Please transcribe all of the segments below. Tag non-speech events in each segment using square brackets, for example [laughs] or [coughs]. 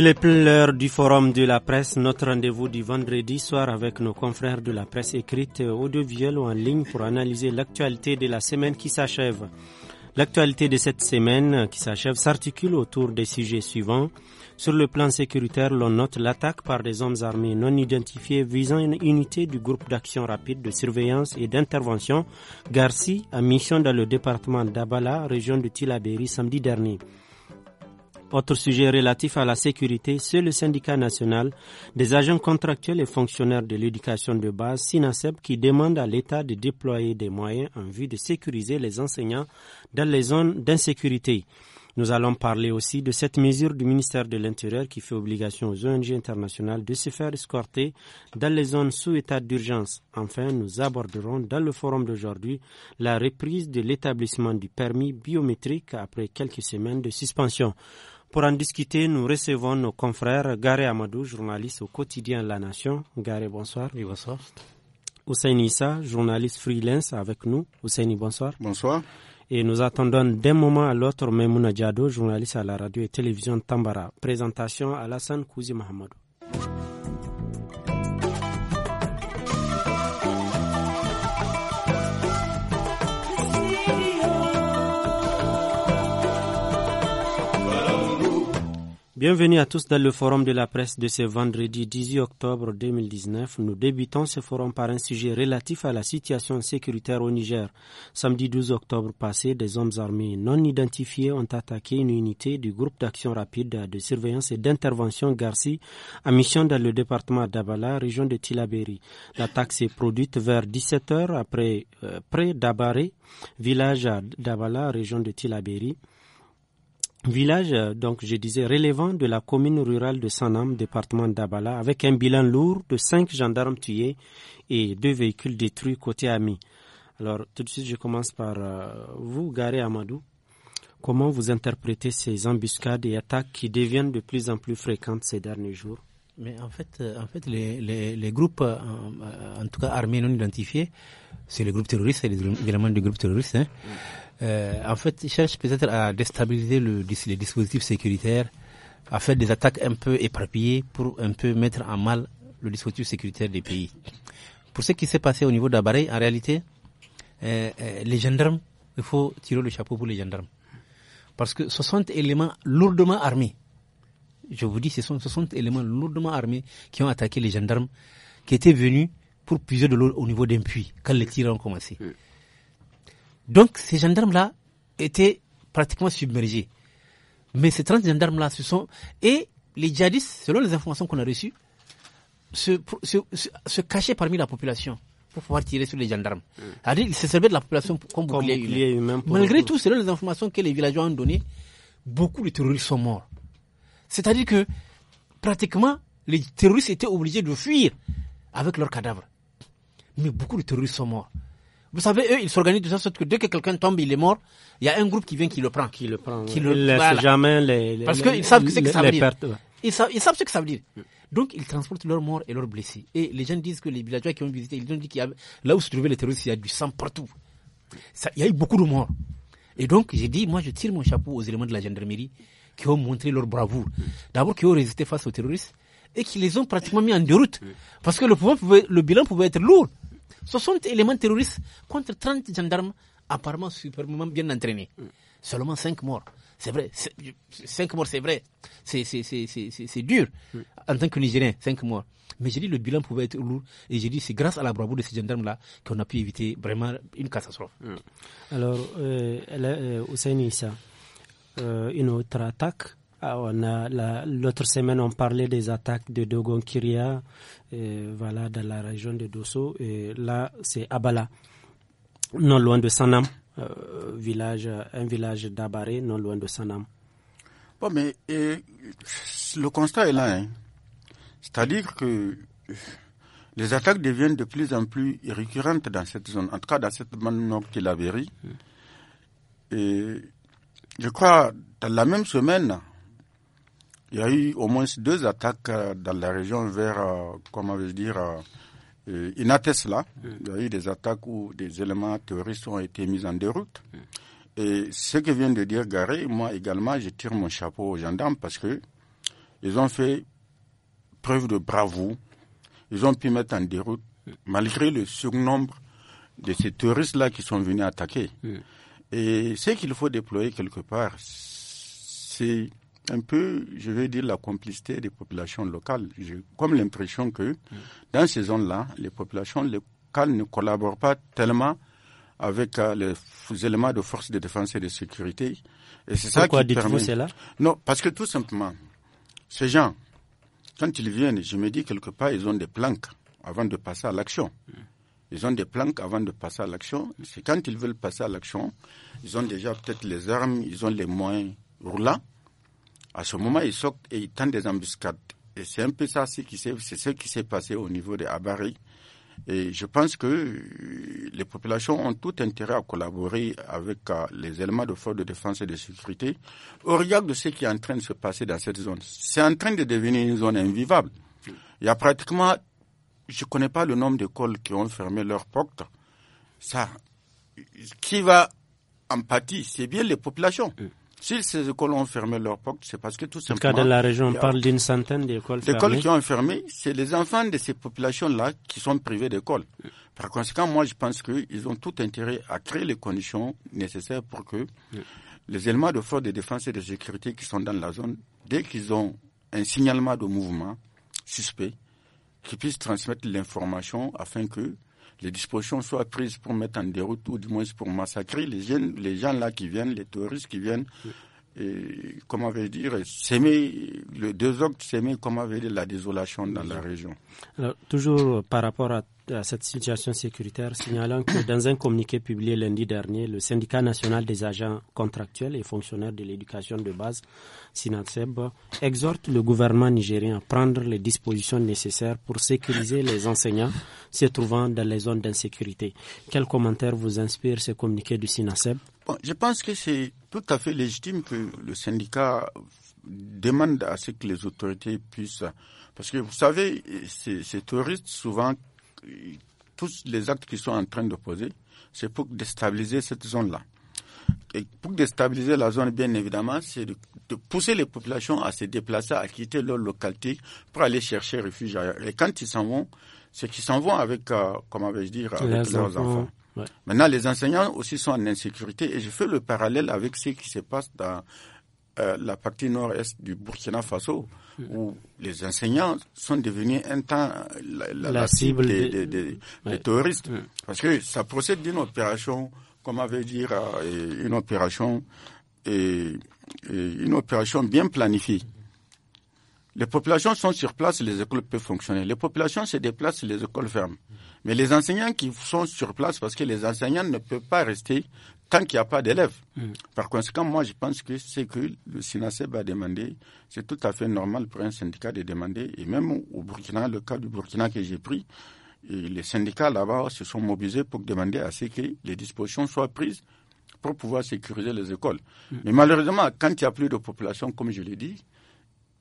Il est plein l'heure du Forum de la presse, notre rendez-vous du vendredi soir avec nos confrères de la presse écrite, audiovisuelle ou en ligne pour analyser l'actualité de la semaine qui s'achève. L'actualité de cette semaine qui s'achève s'articule autour des sujets suivants. Sur le plan sécuritaire, l'on note l'attaque par des hommes armés non identifiés visant une unité du groupe d'action rapide de surveillance et d'intervention Garci à mission dans le département d'Abala, région de Tilaberi, samedi dernier. Autre sujet relatif à la sécurité, c'est le syndicat national des agents contractuels et fonctionnaires de l'éducation de base, SINASEP, qui demande à l'État de déployer des moyens en vue de sécuriser les enseignants dans les zones d'insécurité. Nous allons parler aussi de cette mesure du ministère de l'Intérieur qui fait obligation aux ONG internationales de se faire escorter dans les zones sous état d'urgence. Enfin, nous aborderons dans le forum d'aujourd'hui la reprise de l'établissement du permis biométrique après quelques semaines de suspension. Pour en discuter, nous recevons nos confrères Garé Amadou, journaliste au quotidien La Nation. Garé, bonsoir. Oui, bonsoir. Hussein Issa, journaliste freelance avec nous. Hussein, bonsoir. Bonsoir. Et nous attendons d'un moment à l'autre Memouna Diado, journaliste à la radio et télévision Tambara. Présentation Alassane Kouzi Mahamadou. Bienvenue à tous dans le forum de la presse de ce vendredi 18 octobre 2019. Nous débutons ce forum par un sujet relatif à la situation sécuritaire au Niger. Samedi 12 octobre passé, des hommes armés non identifiés ont attaqué une unité du groupe d'action rapide de surveillance et d'intervention Garci à mission dans le département d'Abala, région de Tilaberi. L'attaque s'est produite vers 17 heures après euh, près d'Abaré, village d'Abala, région de Tilaberi village, euh, donc je disais, relevant de la commune rurale de Sanam, département d'Abala, avec un bilan lourd de cinq gendarmes tués et deux véhicules détruits côté Ami. Alors, tout de suite, je commence par euh, vous, Garé Amadou. Comment vous interprétez ces embuscades et attaques qui deviennent de plus en plus fréquentes ces derniers jours mais en fait, euh, en fait les, les, groupes, en, tout cas armés non identifiés, c'est les groupes terroristes, c'est les des groupes terroristes. Hein. Euh, en fait, ils cherchent peut-être à déstabiliser le, les dispositifs sécuritaires, à faire des attaques un peu éparpillées pour un peu mettre en mal le dispositif sécuritaire des pays. Pour ce qui s'est passé au niveau d'Abarey, en réalité, euh, euh, les gendarmes, il faut tirer le chapeau pour les gendarmes. Parce que 60 éléments lourdement armés, je vous dis, ce sont 60 éléments lourdement armés qui ont attaqué les gendarmes, qui étaient venus pour puiser de l'eau au niveau d'un puits, quand les tirs ont commencé. Donc ces gendarmes-là étaient pratiquement submergés. Mais ces 30 gendarmes-là se sont... Et les djihadistes, selon les informations qu'on a reçues, se, cachaient parmi la population pour pouvoir tirer sur les gendarmes. Hmm. C'est-à-dire qu'ils se servaient de la population comme, il Malgré tout, selon les informations que les villageois ont données, beaucoup de terroristes sont morts. C'est-à-dire que pratiquement, les terroristes étaient obligés de fuir avec leurs cadavres. Mais beaucoup de terroristes sont morts. Vous savez, eux, ils s'organisent de sorte que dès que quelqu'un tombe, il est mort, il y a un groupe qui vient qui le prend. Qui le prend. Qui le, jamais les, Parce savent ça ils, savent, ils, savent, ce que ça veut dire. Donc, ils transportent leurs morts et leurs blessés. Et les gens disent que les villageois qui ont visité, ils ont dit qu'il y là où se trouvaient les terroristes, il y a du sang partout. il y a eu beaucoup de morts. Et donc, j'ai dit, moi, je tire mon chapeau aux éléments de la gendarmerie qui ont montré leur bravoure. D'abord, qui ont résisté face aux terroristes et qui les ont pratiquement mis en déroute. Parce que le, le bilan pouvait être lourd. 60 éléments terroristes contre 30 gendarmes apparemment superbement bien entraînés. Seulement 5 morts. C'est vrai, 5 morts, c'est vrai. C'est dur en tant que Nigérien, 5 morts. Mais j'ai dit le bilan pouvait être lourd et j'ai dit c'est grâce à la bravoure de ces gendarmes-là qu'on a pu éviter vraiment une catastrophe. Hmm. Alors, euh, Hussein euh, Issa, euh, une autre attaque ah, l'autre semaine, on parlait des attaques de Dogon Kiria, euh, voilà, dans la région de Dosso. Et là, c'est Abala, non loin de Sanam, euh, village, un village d'Abaré, non loin de Sanam. Bon, mais le constat est là. Hein. C'est-à-dire que euh, les attaques deviennent de plus en plus récurrentes dans cette zone, en tout cas dans cette bande nord qui la mm. Et je crois, dans la même semaine, il y a eu au moins deux attaques euh, dans la région vers, euh, comment veux dire, euh, Inatesla. Mm. Il y a eu des attaques où des éléments terroristes ont été mis en déroute. Mm. Et ce que vient de dire Garé, moi également, je tire mon chapeau aux gendarmes parce que ils ont fait preuve de bravoure. Ils ont pu mettre en déroute, mm. malgré le surnombre de ces terroristes-là qui sont venus attaquer. Et ce qu'il faut déployer quelque part, c'est un peu, je vais dire, la complicité des populations locales. J'ai comme l'impression que dans ces zones-là, les populations locales ne collaborent pas tellement avec euh, les éléments de force de défense et de sécurité. Et c'est ça Pourquoi dites-vous cela Non, parce que tout simplement, ces gens, quand ils viennent, je me dis quelque part, ils ont des planques avant de passer à l'action. Ils ont des planques avant de passer à l'action. C'est quand ils veulent passer à l'action, ils ont déjà peut-être les armes, ils ont les moyens roulants. À ce moment, ils sortent et ils tentent des embuscades. Et c'est un peu ça qui c'est ce qui s'est passé au niveau des Abari. Et je pense que euh, les populations ont tout intérêt à collaborer avec euh, les éléments de force de défense et de sécurité au regard de ce qui est en train de se passer dans cette zone. C'est en train de devenir une zone invivable. Il y a pratiquement, je ne connais pas le nombre d'écoles qui ont fermé leurs portes. Ça, qui va en partie, c'est bien les populations. Mm. Si ces écoles ont fermé leurs portes, c'est parce que tout simplement. En cas de la région, on parle d'une centaine d'écoles fermées. écoles qui ont fermé, c'est les enfants de ces populations-là qui sont privés d'école. Par conséquent, moi, je pense qu'ils ont tout intérêt à créer les conditions nécessaires pour que les éléments de force de défense et de sécurité qui sont dans la zone, dès qu'ils ont un signalement de mouvement suspect, qu'ils puissent transmettre l'information afin que les dispositions soient prises pour mettre en déroute ou du moins pour massacrer les gens, les gens là qui viennent, les touristes qui viennent, et, comment vais dire, s'aimer, le désordre s'aimer, comment vais dire, la désolation dans la région. toujours par rapport à, cette situation sécuritaire, signalant que dans un communiqué publié lundi dernier, le syndicat national des agents contractuels et fonctionnaires de l'éducation de base, SINACEB, exhorte le gouvernement nigérien à prendre les dispositions nécessaires pour sécuriser les enseignants se trouvant dans les zones d'insécurité. Quel commentaire vous inspire ce communiqué du SINACEB je pense que c'est tout à fait légitime que le syndicat demande à ce que les autorités puissent. Parce que vous savez, ces, touristes, souvent, tous les actes qu'ils sont en train d'opposer, c'est pour déstabiliser cette zone-là. Et pour déstabiliser la zone, bien évidemment, c'est de, pousser les populations à se déplacer, à quitter leur localité pour aller chercher refuge ailleurs. Et quand ils s'en vont, c'est qu'ils s'en vont avec, euh, comment vais-je dire, avec leurs enfants. Maintenant, les enseignants aussi sont en insécurité et je fais le parallèle avec ce qui se passe dans euh, la partie nord-est du Burkina Faso, où les enseignants sont devenus un temps la, cible des, terroristes. Parce que ça procède d'une opération, comme on veut dire, une opération, et une opération bien planifiée. Les populations sont sur place, les écoles peuvent fonctionner. Les populations se déplacent, les écoles ferment. Mais les enseignants qui sont sur place, parce que les enseignants ne peuvent pas rester tant qu'il n'y a pas d'élèves. Mm. Par conséquent, moi, je pense que ce que le SINASEB a demandé, c'est tout à fait normal pour un syndicat de demander. Et même au Burkina, le cas du Burkina que j'ai pris, les syndicats là-bas se sont mobilisés pour demander à ce que les dispositions soient prises pour pouvoir sécuriser les écoles. Mm. Mais malheureusement, quand il n'y a plus de population, comme je l'ai dit,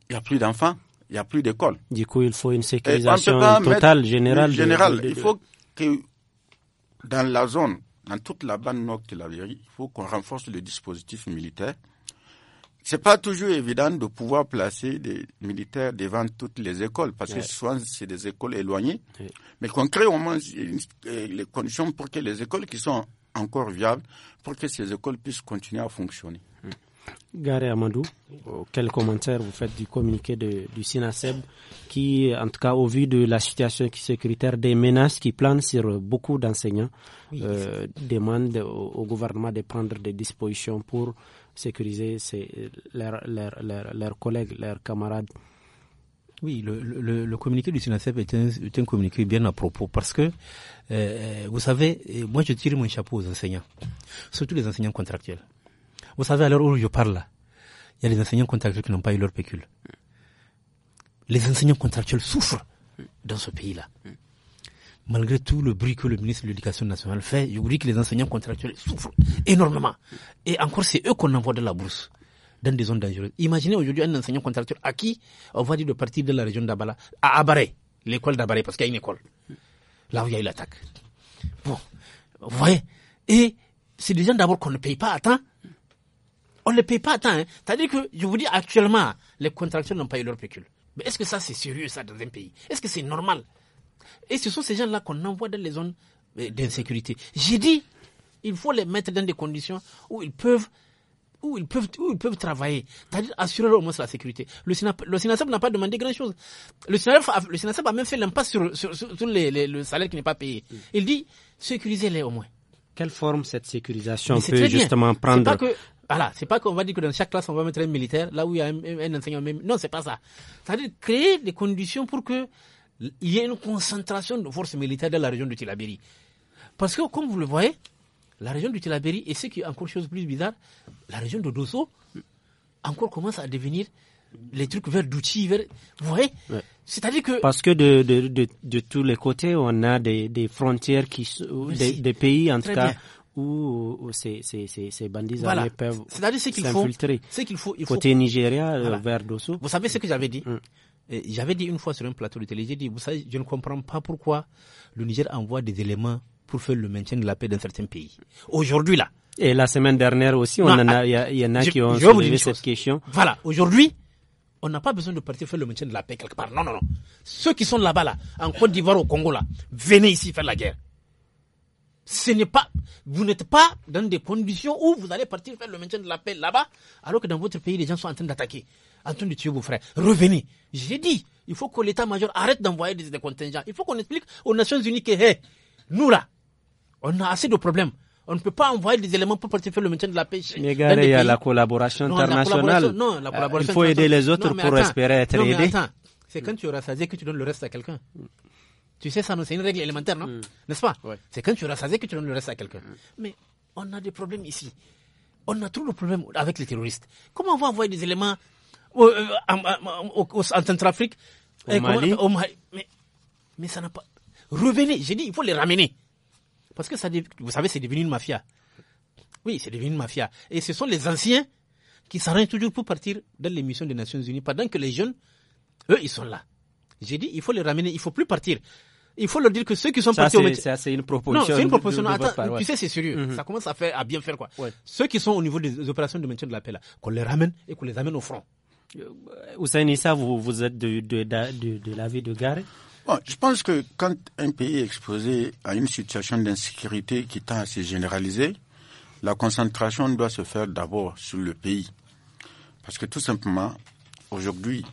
il n'y a plus d'enfants, il n'y a plus d'écoles. Du coup, il faut une sécurisation totale, générale. Générale, il faut que dans la zone, dans toute la bande nord de la l'Algérie, il faut qu'on renforce le dispositif militaire. n'est pas toujours évident de pouvoir placer des militaires devant toutes les écoles, parce que souvent c'est des écoles éloignées. Mais qu'on crée au moins les conditions pour que les écoles qui sont encore viables, pour que ces écoles puissent continuer à fonctionner. Gare Amadou, euh, quel commentaire vous faites du communiqué du SINASEB qui, en tout cas au vu de la situation sécuritaire, des menaces qui planent sur beaucoup d'enseignants, euh, demande au, gouvernement de prendre des dispositions pour sécuriser leurs, collègues, leurs camarades oui, le, le, communiqué du SINASEB est, un, communiqué bien à propos parce que, euh, vous savez, moi je tire mon chapeau aux enseignants, surtout les enseignants contractuels. Vous savez, à l'heure où je parle là, il y a les enseignants contractuels qui n'ont pas eu leur pécule. Les enseignants contractuels souffrent dans ce pays-là. Malgré tout le bruit que le ministre de l'Éducation nationale fait, je vous dis que les enseignants contractuels souffrent énormément. Et encore, c'est eux qu'on envoie de la bourse dans des zones dangereuses. Imaginez aujourd'hui un enseignant contractuel à qui on va dire de partir de la région d'Abala à Abaré, l'école d'Abaré, parce qu'il y a une école. Là où il y a eu l'attaque. Bon, vous voyez Et c'est des gens d'abord qu'on ne paye pas à temps on ne paye pas tant. Hein. C'est-à-dire que, je vous dis actuellement, les contractuels n'ont pas eu leur pécule. Mais est-ce que ça, c'est sérieux, ça, dans un pays Est-ce que c'est normal Et ce sont ces gens-là qu'on envoie dans les zones euh, d'insécurité. J'ai dit, il faut les mettre dans des conditions où ils peuvent où ils peuvent, ils peuvent travailler, c'est-à-dire assurer au moins la sécurité. Le SINASAP n'a pas demandé grand-chose. Le SINASAP a même fait l'impasse sur, le salaire qui n'est pas payé. Mm. Il dit, sécurisez-les au moins. Quelle forme cette sécurisation peut justement prendre voilà, c'est pas qu'on va dire que dans chaque classe on va mettre un militaire, là où il y a un, enseignant même. Non, c'est pas ça. C'est-à-dire créer des conditions pour que il y ait une concentration de forces militaires dans la région de Tilaberi. Parce que comme vous le voyez, la région de Tilaberi et ce qui est encore chose plus bizarre, la région de Dosso encore commence à devenir les trucs vers d'outils, vers. Vous voyez C'est-à-dire que. Parce que de, tous les côtés, on a des, frontières qui. Des, pays, en tout cas, où, ces, bandits peuvent s'infiltrer. qu'il faut, il faut. Côté Nigeria, euh, vers Dosso. Vous savez ce que j'avais dit mm. euh, J'avais dit une fois sur un plateau de télé, j'ai dit, vous savez, je ne comprends pas pourquoi le Niger envoie des éléments pour faire le maintien de la paix dans certains pays. Aujourd'hui, là. Et la semaine dernière aussi, on en ah, a, il y, en a qui ont soulevé cette question. Voilà. Aujourd'hui, on n'a pas besoin de partir faire le maintien de la paix quelque part. Non, non, non. Ceux qui sont là-bas, là, en Côte d'Ivoire, au Congo, là, venez ici faire la guerre. Ce n'est pas, vous n'êtes pas dans des conditions où vous allez partir faire le maintien de la paix là-bas, alors que dans votre pays, les gens sont en train d'attaquer, en train de tuer vos frères. Revenez. J'ai dit, il faut que l'état-major arrête d'envoyer des, contingents. Il faut qu'on explique aux Nations Unies que, hey, nous là, on a assez de problèmes. On ne peut pas envoyer des éléments pour partir faire le maintien de la paix. Mais il y a la collaboration internationale. Euh, il faut aider les autres pour espérer être aidés. C'est quand tu auras rassasié que tu donnes le reste à quelqu'un. Tu sais, ça, c'est une règle élémentaire, non hmm. N'est-ce pas C'est quand tu rassasais que tu donnes le reste à quelqu'un. Hmm. Mais on a des problèmes ici. On a trop de problèmes avec les terroristes. Comment on va envoyer des éléments euh, en Centrafrique au Mais, mais ça n'a pas. Revenez, j'ai dit, il faut les ramener. Parce que ça, vous savez, c'est devenu une mafia. Oui, c'est devenu une mafia. Et ce sont les anciens qui s'arrangent toujours pour partir dans les missions des Nations Unies, pendant que les jeunes, eux, ils sont là. J'ai dit, il faut les ramener, il ne faut plus partir il faut leur dire que ceux qui sont passés' partis au métier. c'est une proposition. c'est De, tu sais, c'est sérieux. Mhm. Ça commence à faire, à bien faire, quoi. Ceux qui sont au niveau des opérations de maintien de la paix, là, qu'on les ramène et qu'on les amène au front. Hussein euh, Issa, vous, vous êtes de, de, de, de l'avis de Gare bon, Je pense que quand un pays est exposé à une situation d'insécurité qui tend à se généraliser, la concentration doit se faire d'abord sur le pays. Parce que tout simplement, aujourd'hui,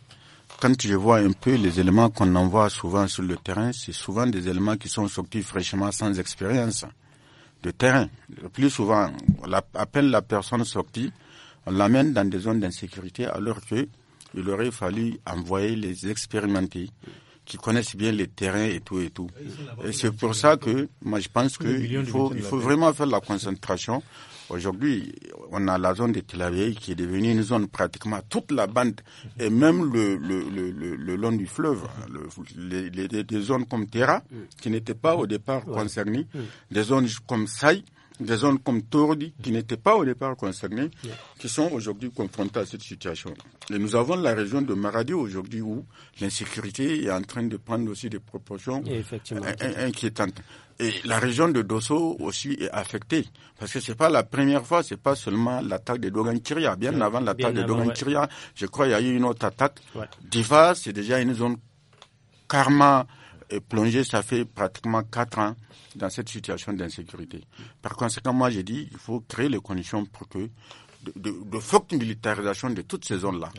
quand je vois un peu les éléments qu'on envoie souvent sur le terrain, c'est souvent des éléments qui sont sortis fraîchement sans expérience de terrain. Le plus souvent, à peine la personne sortie, on l'amène dans des zones d'insécurité alors que il aurait fallu envoyer les expérimentés qui connaissent bien les terrains et tout et tout. Ah, et c'est pour ça que moi je pense qu'il faut vraiment faire la concentration Aujourd'hui, on a la zone de Tilavieille qui est devenue une zone pratiquement toute la bande et même le, le, le, le, le long du fleuve, les, des zones comme Terra qui n'étaient pas au départ concernées, des zones comme Saï des zones comme Tordi, qui n'étaient pas au départ concernées, qui sont aujourd'hui confrontées à cette situation. Et nous avons la région de Maradi aujourd'hui où l'insécurité est en train de prendre aussi des proportions inquiétantes. Et la région de Dosso aussi est affectée. Parce que c'est pas la première fois, c'est pas seulement l'attaque de Dogan Kiria. Bien avant l'attaque de Dogan Kiria, je crois qu'il y a eu une autre attaque. Diva, c'est déjà une zone karma et plongé, ça fait pratiquement quatre ans dans cette situation d'insécurité. Par conséquent, moi, j'ai dit, il faut créer les conditions pour que de, de, forte militarisation de toutes ces zones-là,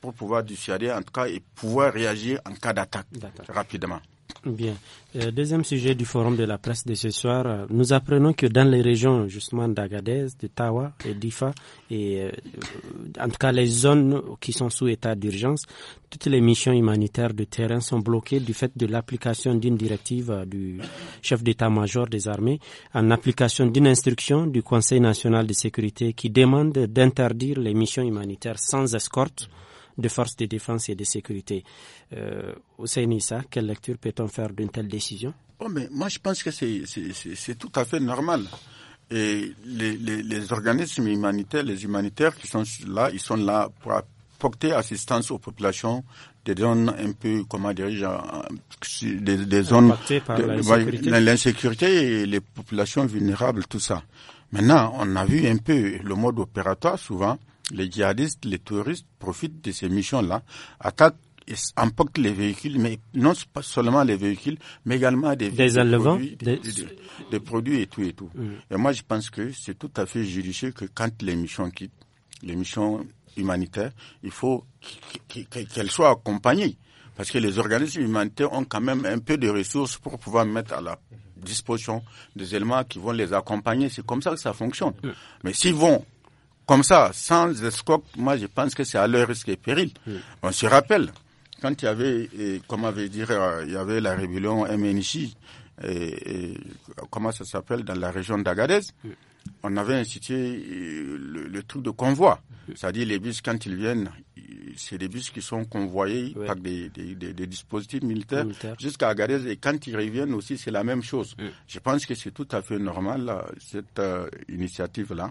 pour pouvoir dissuader, en tout cas, et pouvoir réagir en cas d'attaque rapidement. Bien. Euh, deuxième sujet du forum de la presse de ce soir. Euh, nous apprenons que dans les régions justement d'Agadez, de Tawa et d'Ifa, et euh, en tout cas les zones qui sont sous état d'urgence, toutes les missions humanitaires de terrain sont bloquées du fait de l'application d'une directive du chef d'état-major des armées en application d'une instruction du Conseil national de sécurité qui demande d'interdire les missions humanitaires sans escorte de forces de défense et de sécurité. Euh, ça quelle lecture peut-on faire d'une telle décision oh, mais Moi, je pense que c'est tout à fait normal. Et les, organismes humanitaires, les humanitaires qui sont là, ils sont là pour apporter assistance aux populations des zones un peu, comment dirais-je, euh, des, des zones de l'insécurité et les populations vulnérables, tout ça. Maintenant, on a vu un peu le mode opératoire souvent les djihadistes, les touristes profitent de ces missions-là, attaquent et emportent les véhicules, mais non pas seulement les véhicules, mais également des, des, produits, et tout et tout. Mm. Et moi, je pense que c'est tout à fait judicieux que quand les missions quittent, les missions humanitaires, il faut qu'elles soient accompagnées. Parce que les organismes humanitaires ont quand même un peu de ressources pour pouvoir mettre à la disposition des éléments qui vont les accompagner. C'est comme ça que ça fonctionne. Mm. Mais s'ils vont comme ça, sans escroc, moi je pense que c'est à leur risque et péril. Hmm. On se rappelle, quand il y avait, comment dire, euh, il y avait la rébellion MNJ, et, comment ça s'appelle, dans la région d'Agadez, hmm. on avait institué euh, le, truc de convoi. Hmm. C'est-à-dire les bus, quand ils viennent, c'est des bus qui sont convoyés par des, dispositifs militaires jusqu'à Agadez. Et quand ils reviennent aussi, c'est la même chose. Je pense que c'est tout à fait normal, cette euh, initiative-là.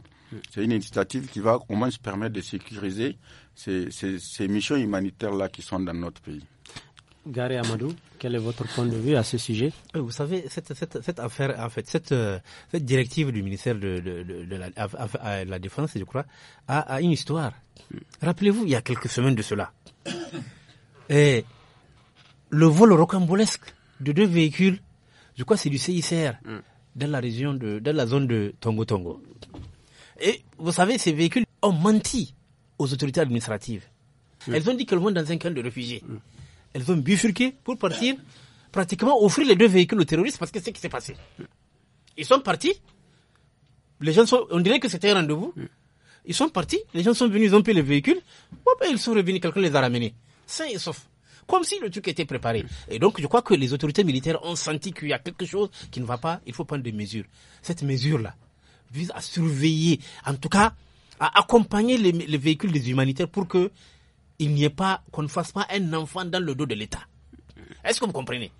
C'est une initiative qui va au moins se permettre de sécuriser ces, missions humanitaires-là qui sont dans notre pays. Gary Amadou, quel est votre point de vue à ce sujet euh, Vous savez, cette, cette, affaire, en fait, cette, euh, directive du ministère de, euh, la, Défense, je crois, a, une histoire. Rappelez-vous, il y a quelques semaines de cela, le vol rocambolesque de deux véhicules, je crois c'est du CICR, mm. dans la région de, dans la zone de Tongo Tongo. Et vous savez, ces véhicules ont menti aux autorités administratives. Elles ont dit qu'elles vont dans un camp de réfugiés. Elles ont bifurqué pour partir, pratiquement offrir les deux véhicules aux terroristes parce que c'est ce qui s'est passé. Ils sont partis. Les gens sont, on dirait que c'était un rendez-vous. Ils sont partis, les gens sont venus, ils ont pris les véhicules. Hop ils sont revenus, quelqu'un les a ramenés. Sains et sauf. comme si le truc était préparé. Et donc, je crois que les autorités militaires ont senti qu'il y a quelque chose qui ne va pas. Il faut prendre des mesures. Cette mesure-là, vise à surveiller, en tout cas, à accompagner les, véhicules des humanitaires pour que il n'y ait pas, qu'on ne fasse pas un enfant dans le dos de l'État. Est-ce que vous comprenez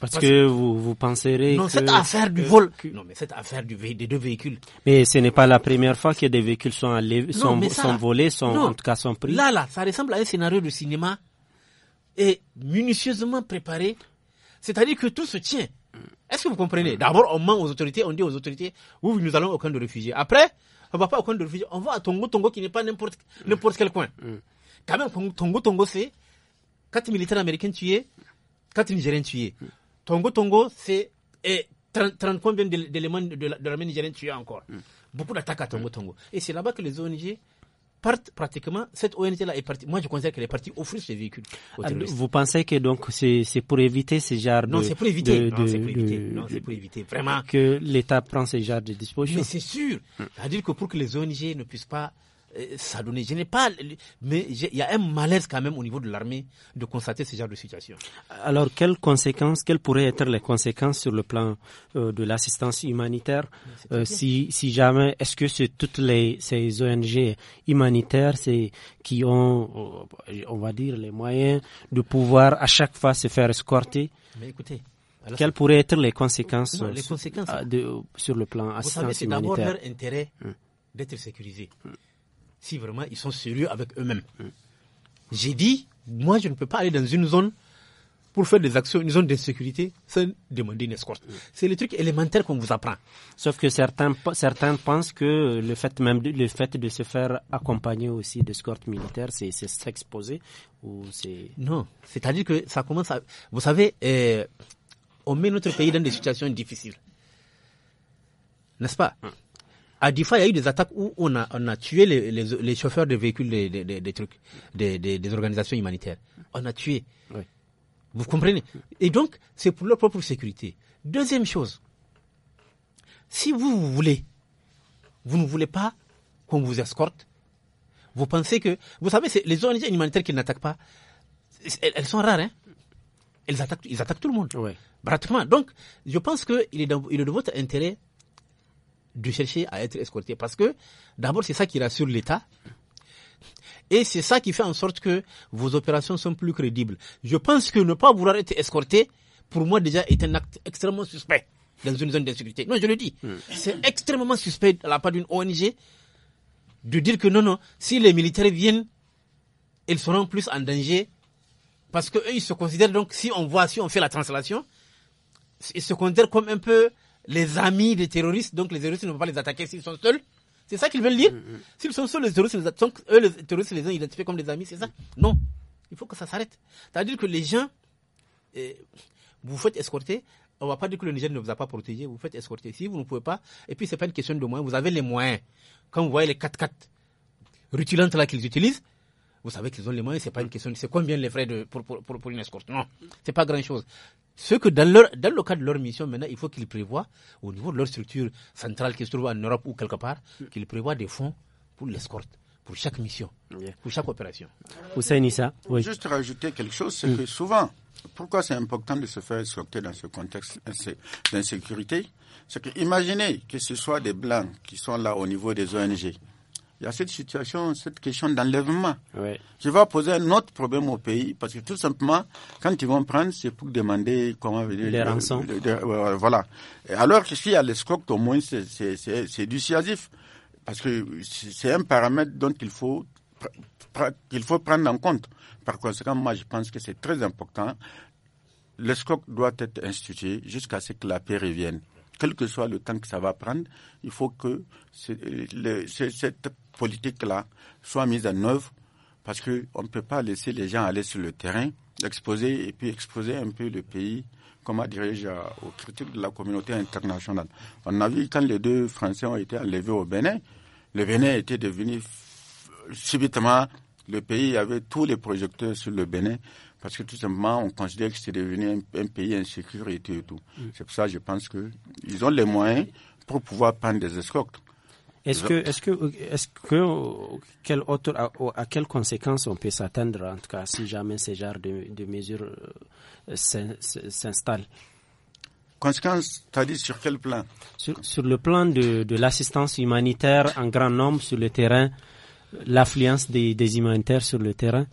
parce, que vous, vous penserez non, que... cette affaire du vol... Non, mais cette affaire du, des deux véhicules... Mais ce n'est pas la première fois que des véhicules sont, sont, volés, sont, en tout cas sont pris. Là, là, ça ressemble à un scénario de cinéma et minutieusement préparé. C'est-à-dire que tout se tient. Est-ce que vous comprenez D'abord, on ment aux autorités, on dit aux autorités, oui, nous allons au camp de réfugiés. Après, on va pas au camp de réfugiés, on va à Tongo Tongo qui n'est pas n'importe mm. n'importe quel coin. Mm. Quand même, Tongo Tongo, c'est 4 militaires américains tués, 4 Nigériens tués. Mm. Tongo Tongo, c'est 30, 30, combien d'éléments de l'armée main nigérienne tués encore. Beaucoup d'attaques à Tongo Tongo. Et c'est là-bas que les ONG partent pratiquement, cette ONG-là est partie. Moi, je considère qu'elle est partie offrir ces véhicules ah, Vous pensez que donc c'est pour éviter ces genres de... Non, c'est pour éviter. non, c'est pour, éviter. Vraiment. Que l'État prend ces genres de dispositions. Mais c'est sûr. Hum. C'est-à-dire que pour que les ONG ne puissent pas ça donnait. Je n'ai pas, mais il y a un malaise quand même au niveau de l'armée de constater ce genre de situation. Alors, quelles conséquences, quelles pourraient être les conséquences sur le plan euh, de l'assistance humanitaire euh, si, si jamais, est-ce que c'est toutes les, ces ONG humanitaires qui ont, euh, on va dire, les moyens de pouvoir à chaque fois se faire escorter Mais écoutez, Quelles pourraient être les conséquences, les sur, ah, de, le plan assistance Vous savez, c'est d'abord leur intérêt hum. d'être sécurisé hum si vraiment ils sont sérieux avec eux-mêmes. J'ai dit, moi je ne peux pas aller dans une zone pour faire des actions, une zone d'insécurité, sans demander une escorte. C'est le truc élémentaire qu'on vous apprend. Sauf que certains, certains pensent que le fait même de, le fait de se faire accompagner aussi d'escorte militaire, c'est s'exposer ou c'est. Non, c'est-à-dire que ça commence à. Vous savez, euh, on met notre pays dans des situations difficiles, n'est-ce pas hum à Difa, il y a eu des attaques où on a, on a tué les, chauffeurs de véhicules des, trucs, des, organisations humanitaires. On a tué. Vous comprenez Et donc, c'est pour leur propre sécurité. Deuxième chose, si vous, voulez, vous ne voulez pas qu'on vous escorte, vous pensez que... Vous savez, les organisations humanitaires qui n'attaquent pas, elles, sont rares. Hein elles attaquent, ils attaquent tout le monde. Oui. Donc, je pense qu'il est, est de votre intérêt de chercher à être escorté. Parce que d'abord, c'est ça qui rassure l'État. Et c'est ça qui fait en sorte que vos opérations sont plus crédibles. Je pense que ne pas vouloir être escorté, pour moi déjà, est un acte extrêmement suspect dans une zone d'insécurité. Non, je le dis. Hmm. C'est extrêmement suspect à la part d'une ONG de dire que non, non, si les militaires viennent, ils seront plus en danger. Parce qu'eux, ils se considèrent donc, si on voit, si on fait la translation, ils se considèrent comme un peu les amis des terroristes, donc les terroristes ne peuvent pas les attaquer s'ils sont seuls. C'est ça qu'ils veulent dire mm, mm. S'ils sont seuls, les terroristes, les eux, les terroristes les ont identifiés comme des amis, c'est ça Non. Il faut que ça s'arrête. C'est-à-dire que les gens, euh, vous faites escorter, on ne va pas dire que le Niger ne vous a pas protégé, vous faites escorter. Si vous ne pouvez pas, et puis ce n'est pas une question de moyens, vous avez les moyens. Quand vous voyez les 4x4 rutilantes là qu'ils utilisent, vous savez qu'ils ont les moyens, ce n'est pas une question, c'est combien les frais de, pour, une escorte. Non, ce n'est pas grand chose. Ce que dans, leur, dans le cadre de leur mission, maintenant, il faut qu'ils prévoient, au niveau de leur structure centrale qui se trouve en Europe ou quelque part, mm. qu'ils prévoient des fonds pour l'escorte pour chaque mission, pour chaque opération. Nissa, oui. Juste rajouter quelque chose, c'est mm. que souvent, pourquoi c'est important de se faire escorter dans ce contexte d'insécurité C'est que imaginez que ce soit des blancs qui sont là au niveau des ONG, il y a cette situation, cette question d'enlèvement. Oui. Je vais poser un autre problème au pays parce que tout simplement, quand ils vont prendre, c'est pour demander comment les rançons. voilà. Alors que s'il y a l'escroc, au moins c'est du siasif. parce que c'est un paramètre dont il faut qu'il faut prendre en compte. Par conséquent, moi, je pense que c'est très important. L'escroc doit être institué jusqu'à ce que la paix revienne quel que soit le temps que ça va prendre, il faut que cette politiques-là soient mises en œuvre parce qu'on ne peut pas laisser les gens aller sur le terrain, exposer et puis exposer un peu le pays, comment dirais-je, euh, aux critiques de la communauté internationale. On a vu quand les deux Français ont été enlevés au Bénin, le Bénin était devenu subitement le pays avait tous les projecteurs sur le Bénin parce que tout simplement on considère que c'est devenu un, pays insécurité et tout. C'est pour ça je pense qu'ils ont les moyens pour pouvoir prendre des escortes. Est-ce que, est-ce que, est-ce que, quel autre, à, quelles conséquences on peut s'attendre, en tout cas, si jamais ce genre de, mesures euh, s'installent Conséquences, tu sur quel plan sur, sur, le plan de, l'assistance humanitaire en grand nombre sur le terrain, l'affluence des, des humanitaires sur le terrain.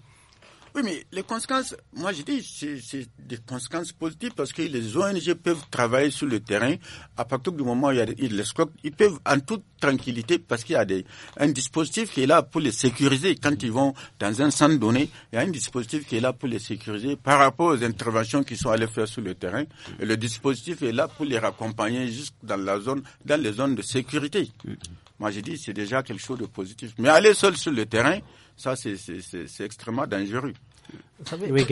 Oui, mais les conséquences, moi je dis, c'est des conséquences positives parce que les ONG peuvent travailler sur le terrain. À partir du moment où il y a des escrocs, ils peuvent en toute tranquillité, parce qu'il y a des, un dispositif qui est là pour les sécuriser. Quand ils vont dans un centre donné, il y a un dispositif qui est là pour les sécuriser par rapport aux interventions qu'ils sont allés faire sur le terrain. Et le dispositif est là pour les raccompagner jusque dans la zone, dans les zones de sécurité. Moi, je dis, c'est déjà quelque chose de positif. Mais aller seul sur le terrain, ça, c'est extrêmement dangereux. Vous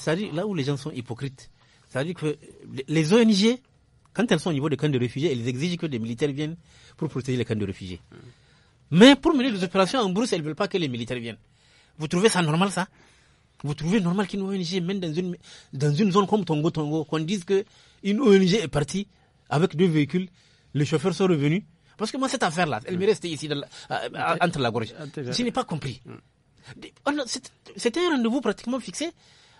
savez, là où les gens sont hypocrites, c'est-à-dire que les ONG, quand elles sont au niveau des camps de réfugiés, elles exigent que des militaires viennent pour protéger les camps de réfugiés. Mais pour mener les opérations en brousse, elles ne veulent pas que les militaires viennent. Vous trouvez ça normal, ça Vous trouvez normal qu'une ONG, mène dans une, dans une zone comme Tongo Tongo, qu'on dise qu'une ONG est partie avec deux véhicules, les chauffeurs sont revenus, parce que moi, cette affaire-là, elle mm. me restait ici, ah, entre la gorge. Ah, je n'ai pas compris. Mm. Oh c'était un rendez-vous pratiquement fixé.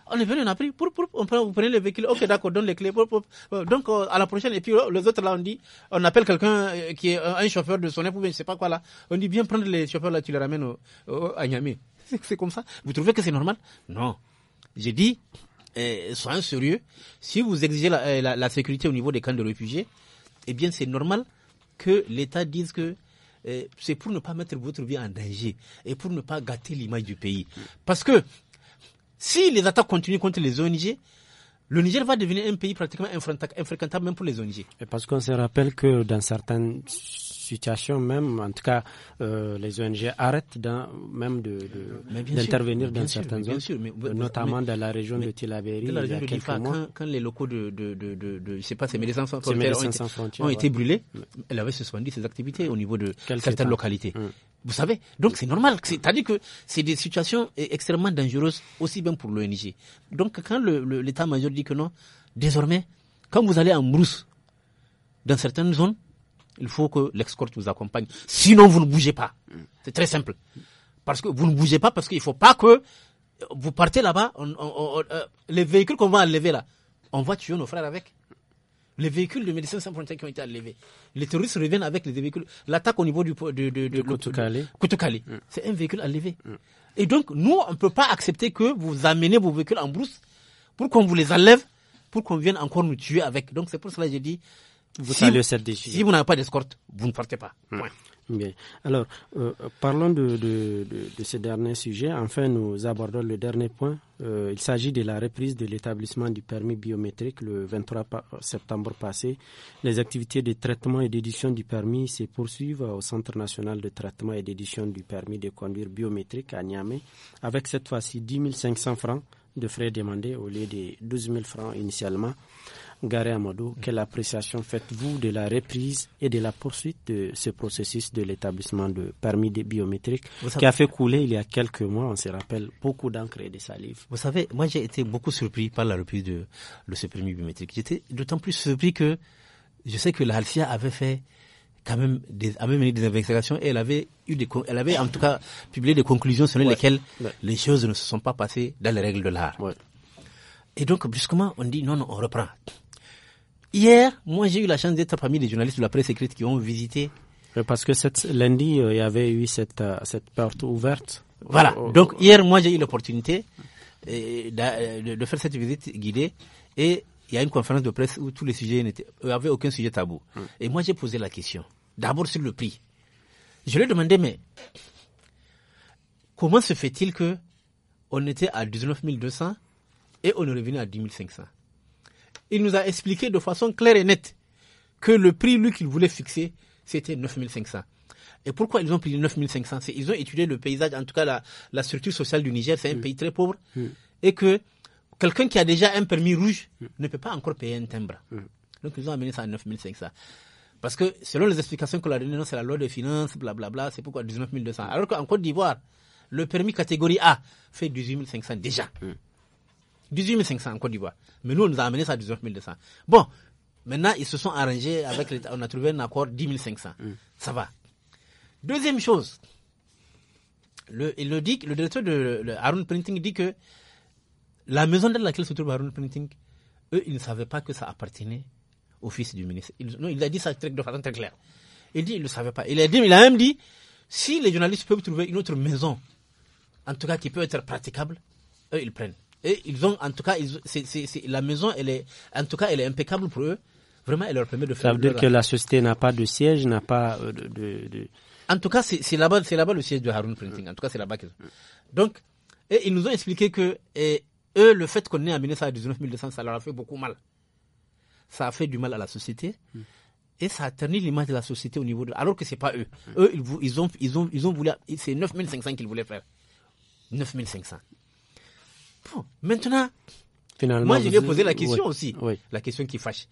On est venu, on a pris, pour, pour, vous prenez le véhicule, ok, d'accord, donne les clés, donc euh, à la prochaine, et puis oh, les autres là, on dit, on appelle quelqu'un euh, qui est un chauffeur de son époux, je ne sais pas quoi là, on dit, bien prendre les chauffeurs là, tu les ramènes à Niamey. [laughs] C'est comme ça. Vous trouvez que c'est normal Non. J'ai dit, soyez euh, soyons sérieux, si vous exigez la sécurité au niveau des camps de réfugiés, eh bien c'est normal que l'État dise que euh, c'est pour ne pas mettre votre vie en danger et pour ne pas gâter l'image du pays. Parce que si les attaques continuent contre les ONG, le Niger va devenir un pays pratiquement infréquentable, même pour les ONG. parce qu'on se rappelle que dans certaines situation même, en tout cas, euh, les ONG arrêtent même d'intervenir de, dans certaines zones, sûr, notamment dans la région de Tilaberi. il y a Quand, les locaux de, je sais pas, ces médecins sans frontières, ont, été brûlés, mm. elle avait suspendu ses activités au niveau de certaines localités. Mm. Vous savez, donc c'est normal. C'est-à-dire que c'est des situations e-, extrêmement dangereuses, aussi bien pour l'ONG. Donc quand l'état-major dit que non, désormais, quand vous allez en brousse, dans certaines zones, il faut que l'escorte vous accompagne. Sinon, vous ne bougez pas. C'est très simple. Parce que vous ne bougez pas parce qu'il ne faut pas que vous partez là-bas. Euh, les véhicules qu'on va enlever là, on va tuer nos frères avec. Les véhicules de Médecins Sans Frontières qui ont été enlevés. Les terroristes reviennent avec les véhicules. L'attaque au niveau du, de, de, calais mm. c'est un véhicule enlevé. Et donc, nous, on ne peut pas accepter que vous amenez vos véhicules en brousse pour qu'on vous les enlève, pour qu'on vienne encore nous tuer avec. Donc, c'est pour cela que j'ai dit si, vous, n'avez pas d'escorte, vous ne partez pas. Hmm. Bien. Alors, euh, euh, parlons de, de, de, de, ce dernier sujet. Enfin, nous abordons le dernier point. Euh, il s'agit de la reprise de l'établissement du permis biométrique le 23 septembre passé. Les activités de traitement et d'édition du permis se poursuivent au Centre national de traitement et d'édition du permis de conduire biométrique à Niamey, avec cette fois-ci 10 500 francs de frais demandés au lieu des 12 000 francs initialement. Garé Amadou, quelle appréciation faites-vous de la reprise et de la poursuite de ce processus de l'établissement de permis de biométriques qui a fait couler il y a quelques mois, on se rappelle, beaucoup d'encre et de salive Vous savez, moi j'ai été beaucoup surpris par la reprise de, ce permis biométrique. J'étais d'autant plus surpris que je sais que l'Alfia avait fait quand même des, avait des investigations et elle avait eu des, elle avait en tout cas publié des conclusions selon lesquelles les choses ne se sont pas passées dans les règles de l'art. Et donc, brusquement, on dit non, non, on reprend. Hier, moi, j'ai eu la chance d'être parmi les journalistes de la presse écrite qui ont visité. Parce que cette, lundi, euh, il y avait eu cette, euh, cette porte ouverte. Voilà. Euh, Donc, hier, moi, j'ai eu l'opportunité de faire cette visite guidée et il y a une conférence de presse où tous les sujets n'étaient, avait aucun sujet tabou. Mm. Et moi, j'ai posé la question. D'abord sur le prix. Je lui ai demandé, mais comment se fait-il que on était à 19 200 et on est revenu à 10 500 il nous a expliqué de façon claire et nette que le prix, lui, qu'il voulait fixer, c'était 9500. Et pourquoi ils ont pris 9500 C'est ils ont étudié le paysage, en tout cas la, structure sociale du Niger, c'est un pays très pauvre, et que quelqu'un qui a déjà un permis rouge ne peut pas encore payer un timbre. Donc ils ont amené ça à 9500. Parce que selon les explications qu'on a données, c'est la loi des finances, blablabla, c'est pourquoi 19200. Alors qu'en Côte d'Ivoire, le permis catégorie A fait 18500 500 déjà. 18 500 en Côte d'Ivoire. Mais nous, on nous a amené ça à 19 200. Bon, maintenant, ils se sont arrangés avec l'État. On a trouvé un accord 10 500. Mm. Ça va. Deuxième chose, le, le, directeur de le Printing dit que la maison dans laquelle se trouve Aaron Printing, eux, ils ne savaient pas que ça appartenait au fils du ministre. Il, non, il a dit ça de façon très claire. Il dit, il ne le savaient pas. Il a, dit, il a même dit, si les journalistes peuvent trouver une autre maison, en tout cas qui peut être praticable, eux, ils prennent ils ont, en tout cas, la maison, elle est, en tout cas, elle est impeccable pour eux. Vraiment, elle leur permet de faire. Ça veut dire que la société n'a pas de siège, n'a pas euh, de, En tout cas, c'est là-bas, c'est là-bas le siège de Harun Printing. En tout cas, c'est là-bas qu'ils. Donc, et ils nous ont expliqué que eux, le fait qu'on ait amené ça à 19 200, ça leur a fait beaucoup mal. Ça a fait du mal à la société. Hmm. Et ça a terni l'image de la société au niveau de. Alors que c'est pas eux. Eux, ils, ils, ont, ils, ont, ils ont voulu. C'est 9500 qu'ils voulaient faire. 9500 maintenant, moi je lui ai posé la question aussi, la question qui fâche.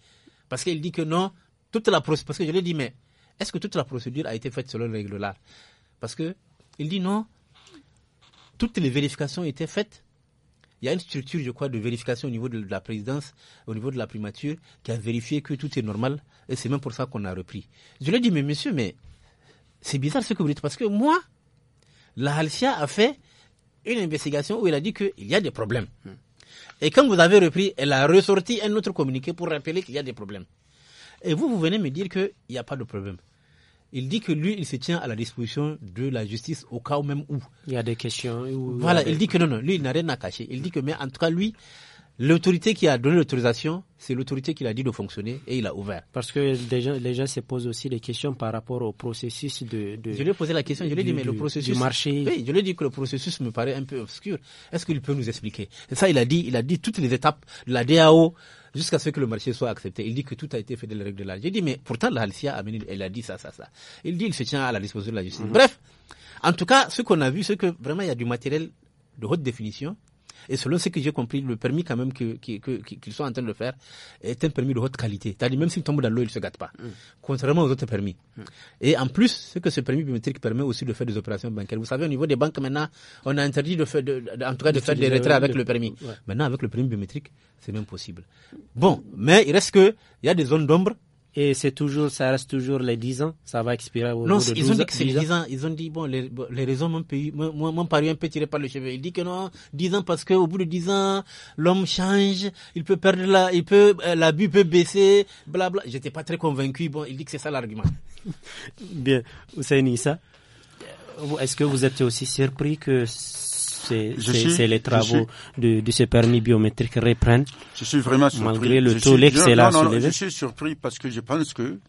Parce qu'il dit que non, toute la procédure, parce que je lui ai dit, mais est-ce que toute la procédure a été faite selon les règles-là Parce que il dit non, toutes les vérifications étaient faites. Il y a une structure, je crois, de vérification au niveau de la présidence, au niveau de la primature, qui a vérifié que tout est normal. Et c'est même pour ça qu'on a repris. Je lui ai dit, mais monsieur, mais c'est bizarre ce que vous dites. Parce que moi, la Halcia a fait une investigation où il a dit qu'il y a des problèmes. Et quand vous avez repris, elle a ressorti un autre communiqué pour rappeler qu'il y a des problèmes. Et vous, vous venez me dire qu'il n'y a pas de problème. Il dit que lui, il se tient à la disposition de la justice au cas où même où. Il y a des questions. Voilà, il dit que non, non, lui, il n'a rien à cacher. Il dit que, mais en tout cas, lui, L'autorité qui a donné l'autorisation, c'est l'autorité qui l'a dit de fonctionner et il a ouvert. Parce que les gens, les gens se posent aussi des questions par rapport au processus de. de je lui ai posé la question, je lui ai dit, mais le processus. Du marché. Oui, je lui ai dit que le processus me paraît un peu obscur. Est-ce qu'il peut nous expliquer C'est ça, il a dit, il a dit toutes les étapes de la DAO jusqu'à ce que le marché soit accepté. Il dit que tout a été fait dans les règles de l'art. J'ai dit, mais pourtant, la Halcia a mené, elle a dit ça, ça, ça. Il dit, il se tient à la disposition de la justice. Mhm. Bref. En tout cas, ce qu'on a vu, c'est que vraiment, il y a du matériel de haute définition et selon ce que j'ai compris, le permis quand même qu'ils sont en train de faire est un permis de haute qualité. C'est-à-dire même s'il tombe dans l'eau, il ne se gâte pas. Hmm. Contrairement aux autres permis. Hmm. Et en plus, ce que ce permis biométrique permet aussi de faire des opérations bancaires. Vous savez, au niveau des banques maintenant, on a interdit de faire, en tout cas, de, faire des retraits avec le permis. Maintenant, avec le permis biométrique, c'est même possible. Bon, mais il reste qu'il y a des zones d'ombre et c'est toujours, ça reste toujours les 10 ans, ça va expirer au bout de 12 ils ont dit que c'est 10 ans. Ils ont dit, bon, les, raisons m'ont paru un peu tiré par le cheveu. Il dit que non, 10 ans parce qu'au bout de 10 ans, l'homme change, il peut perdre la, il peut, euh, l'abus peut baisser, blabla. J'étais pas très convaincu. Bon, il dit que c'est ça l'argument. [laughs] Bien. Hussein ça est-ce que vous êtes aussi surpris que c'est les travaux de, de, ce permis biométrique reprennent. Je suis vraiment surpris. Malgré le Je suis surpris parce que je pense que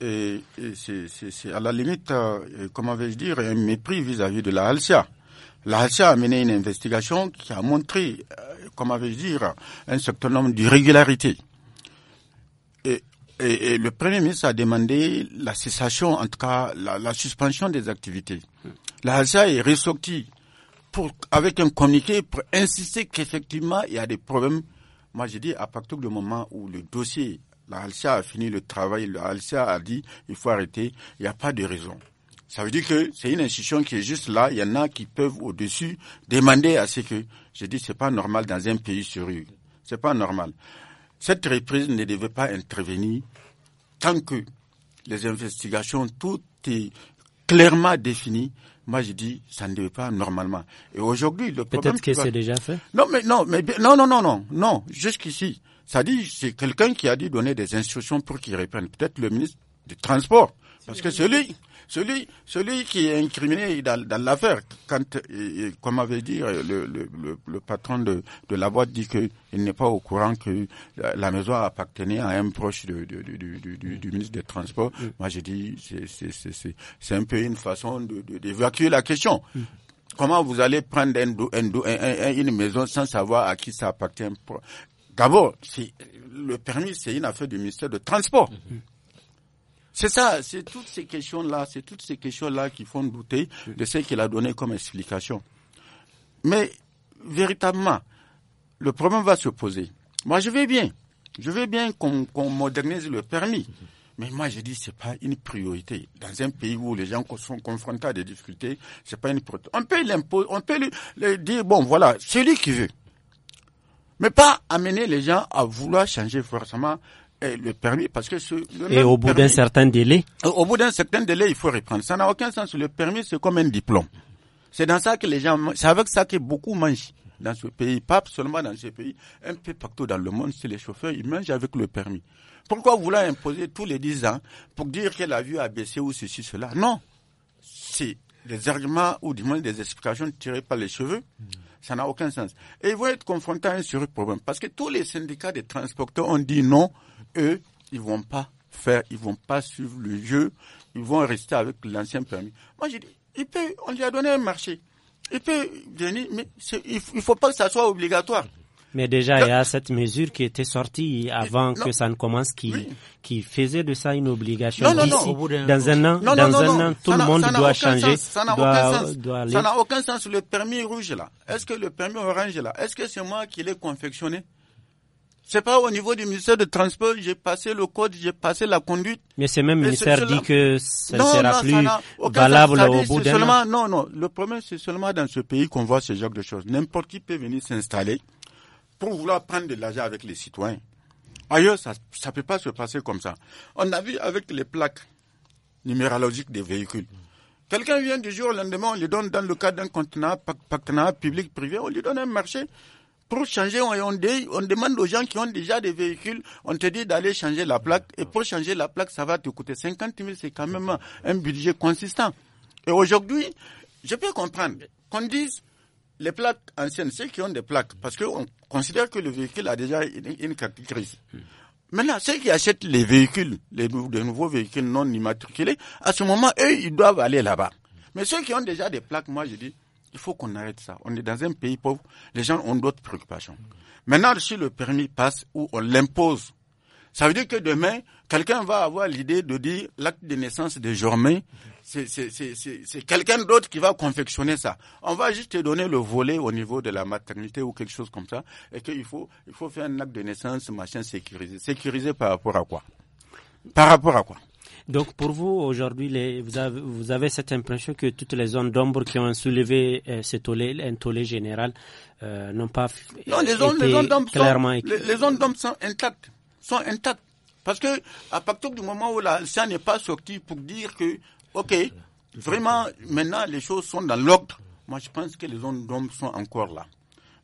c'est à la limite, euh, comment vais-je dire, un mépris vis-à-vis de la Halcia. La Halcia a mené une investigation qui a montré, euh, comment vais-je dire, un certain nombre d'irrégularités. Et, et, et, le Premier ministre a demandé la cessation, en tout cas la, suspension des activités. La Halcia est ressortie avec un communiqué pour insister qu'effectivement, il y a des problèmes. Moi, j'ai dit, à partir du moment où le dossier, la Halcia a fini le travail, la Halcia a dit, il faut arrêter, il n'y a pas de raison. Ça veut dire que c'est une institution qui est juste là. Il y en a qui peuvent au-dessus demander à ce que. J'ai dit, c'est pas normal dans un pays sur Ce C'est pas normal. Cette reprise ne devait pas intervenir tant que les investigations, toutes clairement défini, moi je dis ça ne devait pas normalement. Et aujourd'hui le problème peut-être que c'est déjà fait. Non mais non mais non non non non non jusqu'ici ça dit c'est quelqu'un qui a dû donner des instructions pour qu'il reprenne. Peut-être le ministre du Transport, parce que c'est lui celui, celui qui est incriminé dans, l'affaire, quand, euh, euh, comme avait dit euh, le, patron de, la boîte, dit qu'il n'est pas au courant que la maison appartenait à un proche de, du, ministre des Transports. Mm. Moi, j'ai dit, c'est un peu une façon d'évacuer la question. Mm. comment vous allez prendre un, une maison sans savoir à qui ça appartient D'abord, le permis, c'est une affaire du ministère des Transports. Mm. C'est ça, c'est toutes ces questions-là, c'est toutes ces questions-là qui font douter de ce qu'il a donné comme explication. Mais véritablement, le problème va se poser. Moi, je veux bien, je vais bien qu'on modernise le permis. Mais moi, je dis, c'est pas une priorité. Dans un pays où les gens sont confrontés à des difficultés, c'est pas une On peut l'imposer, on peut lui, lui dire, bon, voilà, celui qui veut. Mais pas amener les gens à vouloir changer forcément eh, le permis parce que ce, et au bout d'un certain délai au bout d'un certain délai il faut reprendre ça n'a aucun sens le permis c'est comme un diplôme c'est dans ça que les gens c'est avec ça que beaucoup mangent dans ce pays pas seulement dans ce pays un peu partout dans le monde c'est les chauffeurs ils mangent avec le permis pourquoi vouloir imposer tous les dix ans pour dire que la vue a baissé ou ceci cela non c'est des arguments ou du moins des explications tirées par les cheveux ça n'a aucun sens. Et ils vont être confrontés à un sérieux problème. Parce que tous les syndicats des transporteurs ont dit non, eux, ils vont pas faire, ils vont pas suivre le jeu, ils vont rester avec l'ancien permis. Moi, j'ai dit, on lui a donné un marché. Il peut venir, mais il faut pas que ça soit obligatoire. Mais déjà, il y a cette mesure qui était sortie avant que ça ne commence qui, qui faisait de ça une obligation. Non, Dans un an, dans un an tout le monde doit changer. Ça n'a aucun sens. ça n'a aucun sens. Le permis rouge, là. Est-ce que le permis orange, là, est-ce que c'est moi qui l'ai confectionné? C'est pas au niveau du ministère de transport, j'ai passé le code, j'ai passé la conduite. Mais ce même ministère dit que ça ne sera plus valable au bout d'un an. Non, non, le problème c'est seulement dans ce pays qu'on voit ce genre de choses. N'importe qui peut venir s'installer pour vouloir prendre de l'argent avec les citoyens. Ailleurs, ça ne peut pas se passer comme ça. On a vu avec les plaques numérologiques des véhicules. Quelqu'un vient du jour au lendemain, on lui donne dans le cadre d'un contenant, public-privé, on lui donne un marché. Pour changer, on, on, demande aux gens qui ont déjà des véhicules, on te dit d'aller changer la plaque. Et pour changer la plaque, ça va te coûter 50 000, c'est quand même un budget consistant. Et aujourd'hui, je peux comprendre qu'on dise les plaques anciennes, ceux qui ont des plaques, parce qu'on considère que le véhicule a déjà une, une Maintenant, ceux qui achètent les véhicules, les, nouveaux véhicules non immatriculés, à ce moment, eux, ils doivent aller là-bas. Mais ceux qui ont déjà des plaques, moi, je dis, il faut qu'on arrête ça. On est dans un pays pauvre, les gens ont d'autres préoccupations. Maintenant, si le permis passe ou on l'impose, ça veut dire que demain, quelqu'un va avoir l'idée de dire l'acte de naissance de Germain c'est quelqu'un d'autre qui va confectionner ça. On va juste te donner le volet au niveau de la maternité ou quelque chose comme ça, et qu'il faut, il faut faire un acte de naissance, machin sécurisé. Sécurisé par rapport à quoi Par rapport à quoi donc pour vous, aujourd'hui, vous, vous, avez, cette impression que toutes les zones d'ombre qui ont soulevé euh, ce tollé, un tollé général euh, n'ont pas non, les zones, les zones d'ombre clairement... Sont, les, zones d'ombre sont intactes. Sont intactes. Parce que à partir du moment où la, ça n'est pas sorti pour dire que Ok. Vraiment, maintenant, les choses sont dans l'ordre. Moi, je pense que les hommes sont encore là.